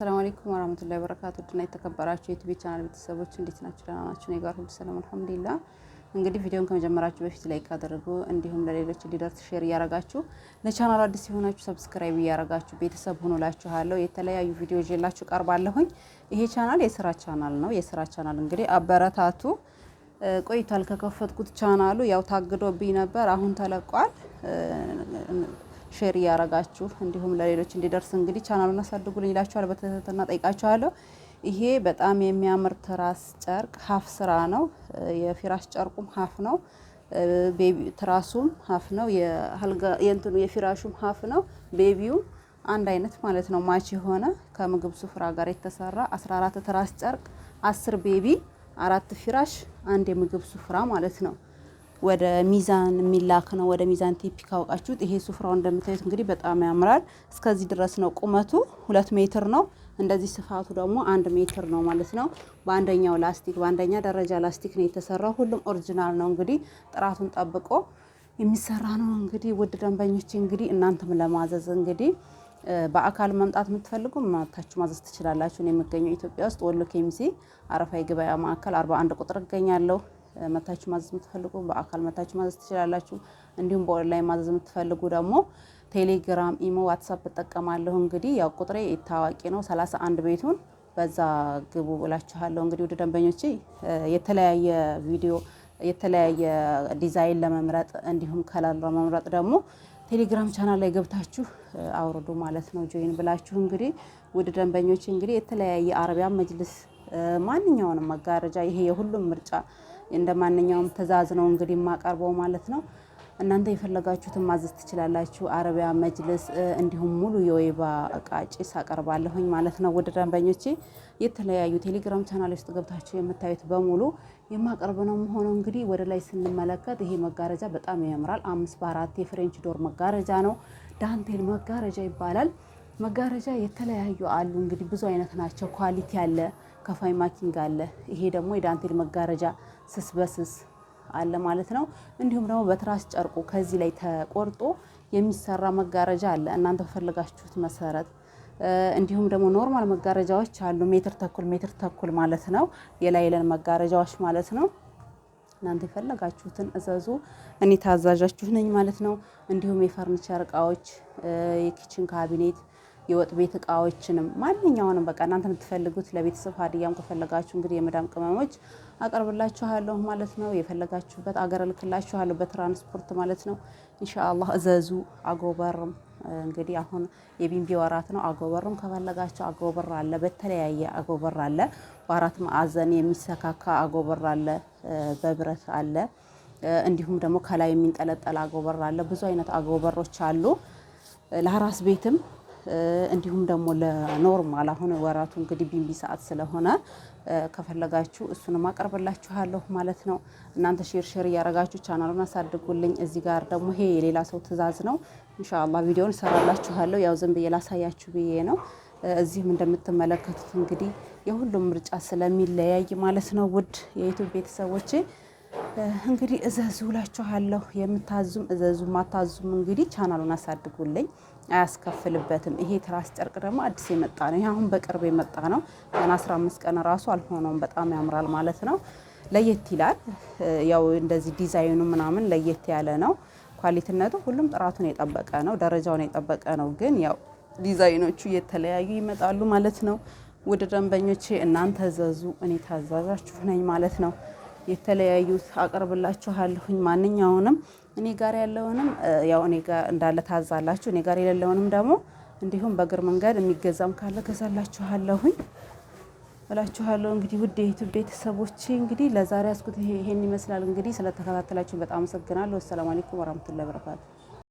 ሰላም አለይኩም ወራህመቱላሂ ወበረካቱ ድና የተከበራችሁ የዩቲዩብ ቻናል ቤተሰቦች እንዴት ናችሁ? ደህና ናችሁ? እኔ ጋር ሁሉ ሰላም አልሐምዱሊላህ። እንግዲህ ቪዲዮን ከመጀመራችሁ በፊት ላይክ አድርጉ፣ እንዲሁም ለሌሎች እንዲደርስ ሼር እያረጋችሁ ለቻናሉ አዲስ የሆናችሁ ሰብስክራይብ እያረጋችሁ ቤተሰብ ሆኖ ላችኋለሁ። የተለያዩ ቪዲዮ ይዤላችሁ ቀርባለሁኝ። ይሄ ቻናል የስራ ቻናል ነው። የስራ ቻናል እንግዲህ አበረታቱ። ቆይቷል ከከፈትኩት ቻናሉ ያው ታግዶብኝ ነበር፣ አሁን ተለቋል። ሼር እያረጋችሁ እንዲሁም ለሌሎች እንዲደርስ እንግዲህ ቻናሉን አሳድጉልኝ ይላችኋል። በትህትና ጠይቃችኋለሁ። ይሄ በጣም የሚያምር ትራስ ጨርቅ ሀፍ ስራ ነው። የፊራሽ ጨርቁም ሀፍ ነው። ትራሱም ሀፍ ነው። የእንትኑ የፊራሹም ሀፍ ነው። ቤቢውም አንድ አይነት ማለት ነው። ማች የሆነ ከምግብ ሱፍራ ጋር የተሰራ 14 ትራስ ጨርቅ 10 ቤቢ አራት ፊራሽ አንድ የምግብ ሱፍራ ማለት ነው። ወደ ሚዛን የሚላክ ነው። ወደ ሚዛን ቴፒ ካወቃችሁት ይሄ ሱፍራው እንደምታዩት እንግዲህ በጣም ያምራል። እስከዚህ ድረስ ነው ቁመቱ ሁለት ሜትር ነው። እንደዚህ ስፋቱ ደግሞ አንድ ሜትር ነው ማለት ነው። በአንደኛው ላስቲክ በአንደኛ ደረጃ ላስቲክ ነው የተሰራው። ሁሉም ኦሪጂናል ነው እንግዲህ ጥራቱን ጠብቆ የሚሰራ ነው። እንግዲህ ውድ ደንበኞች እንግዲህ እናንተም ለማዘዝ እንግዲህ በአካል መምጣት የምትፈልጉ መታችሁ ማዘዝ ትችላላችሁ። የምገኘው ኢትዮጵያ ውስጥ ወሎ ኬሚሴ አረፋ የገበያ ማዕከል 41 ቁጥር እገኛለሁ። መታችሁ ማዘዝ የምትፈልጉ በአካል መታችሁ ማዘዝ ትችላላችሁ። እንዲሁም በኦንላይን ማዘዝ የምትፈልጉ ደግሞ ቴሌግራም፣ ኢሞ፣ ዋትሳፕ እጠቀማለሁ። እንግዲህ ያው ቁጥሬ ታዋቂ ነው፣ ሰላሳ አንድ ቤቱን በዛ ግቡ እላችኋለሁ። እንግዲህ ወደ ደንበኞቼ የተለያየ ቪዲዮ የተለያየ ዲዛይን ለመምረጥ እንዲሁም ከለር ለመምረጥ ደግሞ ቴሌግራም ቻናል ላይ ገብታችሁ አውርዱ ማለት ነው። ጆይን ብላችሁ እንግዲህ ውድ ደንበኞች እንግዲህ የተለያየ አረቢያን መጅልስ ማንኛውንም መጋረጃ ይሄ የሁሉም ምርጫ እንደ ማንኛውም ትዕዛዝ ነው እንግዲህ የማቀርበው ማለት ነው። እናንተ የፈለጋችሁትን ማዘዝ ትችላላችሁ። አረቢያ መጅልስ፣ እንዲሁም ሙሉ የወይባ እቃ ጭስ አቀርባለሁኝ ማለት ነው። ወደ ደንበኞቼ የተለያዩ ቴሌግራም ቻናል ውስጥ ገብታችሁ የምታዩት በሙሉ የማቀርብ ነው መሆኑ። እንግዲህ ወደ ላይ ስንመለከት ይሄ መጋረጃ በጣም ያምራል። አምስት በአራት የፍሬንች ዶር መጋረጃ ነው። ዳንቴል መጋረጃ ይባላል። መጋረጃ የተለያዩ አሉ እንግዲህ ብዙ አይነት ናቸው። ኳሊቲ አለ፣ ከፋይ ማኪንግ አለ። ይሄ ደግሞ የዳንቴል መጋረጃ ስስ በስስ አለ ማለት ነው። እንዲሁም ደግሞ በትራስ ጨርቁ ከዚህ ላይ ተቆርጦ የሚሰራ መጋረጃ አለ እናንተ በፈለጋችሁት መሰረት። እንዲሁም ደግሞ ኖርማል መጋረጃዎች አሉ ሜትር ተኩል ሜትር ተኩል ማለት ነው። የላይለን መጋረጃዎች ማለት ነው። እናንተ የፈለጋችሁትን እዘዙ። እኔ ታዛዣችሁ ነኝ ማለት ነው። እንዲሁም የፈርኒቸር እቃዎች፣ የኪችን ካቢኔት የወጥ ቤት እቃዎችንም ማንኛውንም በቃ እናንተ የምትፈልጉት ለቤተሰብ ሀዲያም ከፈለጋችሁ እንግዲህ የመዳም ቅመሞች አቀርብላችኋለሁ ማለት ነው። የፈለጋችሁበት አገር እልክላችኋለሁ በትራንስፖርት ማለት ነው። ኢንሻአላህ እዘዙ። አጎበርም እንግዲህ አሁን የቢንቢ ወራት ነው። አጎበርም ከፈለጋችሁ አጎበር አለ፣ በተለያየ አጎበር አለ። በአራት ማዕዘን የሚሰካካ አጎበር አለ፣ በብረት አለ። እንዲሁም ደግሞ ከላይ የሚንጠለጠል አጎበር አለ። ብዙ አይነት አጎበሮች አሉ። ለአራስ ቤትም እንዲሁም ደግሞ ለኖርማል አሁን ወራቱ እንግዲህ ቢንቢ ሰዓት ስለሆነ ከፈለጋችሁ እሱንም አቀርብላችኋለሁ ማለት ነው። እናንተ ሼር ሼር እያደረጋችሁ ቻናሉን አሳድጉልኝ። እዚህ ጋር ደግሞ ይሄ የሌላ ሰው ትዕዛዝ ነው። እንሻላ ቪዲዮን እሰራላችኋለሁ። ያው ዝም ብዬ ላሳያችሁ ብዬ ነው። እዚህም እንደምትመለከቱት እንግዲህ የሁሉም ምርጫ ስለሚለያይ ማለት ነው። ውድ የዩቱብ ቤተሰቦቼ እንግዲህ እዘዙ ላችኋለሁ። የምታዙም እዘዙ፣ ማታዙም እንግዲህ ቻናሉን አሳድጉልኝ፣ አያስከፍልበትም። ይሄ ትራስ ጨርቅ ደግሞ አዲስ የመጣ ነው። ይህ አሁን በቅርብ የመጣ ነው። ገና 15 ቀን ራሱ አልሆነውም። በጣም ያምራል ማለት ነው። ለየት ይላል። ያው እንደዚህ ዲዛይኑ ምናምን ለየት ያለ ነው። ኳሊቲነቱ ሁሉም ጥራቱን የጠበቀ ነው፣ ደረጃውን የጠበቀ ነው። ግን ያው ዲዛይኖቹ የተለያዩ ይመጣሉ ማለት ነው። ውድ ደንበኞቼ እናንተ እዘዙ፣ እኔ ታዛዛችሁ ነኝ ማለት ነው። የተለያዩት አቀርብላችኋለሁኝ። ማንኛውንም እኔ ጋር ያለውንም ያው እኔ ጋር እንዳለ ታዛላችሁ። እኔ ጋር የሌለውንም ደግሞ እንዲሁም በእግር መንገድ የሚገዛም ካለ ገዛላችኋለሁኝ እላችኋለሁ። እንግዲህ ውድ የዩቱብ ቤተሰቦች እንግዲህ ለዛሬ አስኩት ይሄን ይመስላል። እንግዲህ ስለተከታተላችሁ በጣም አመሰግናለሁ። አሰላሙ አለይኩም ወራህመቱላሂ ወበረካቱ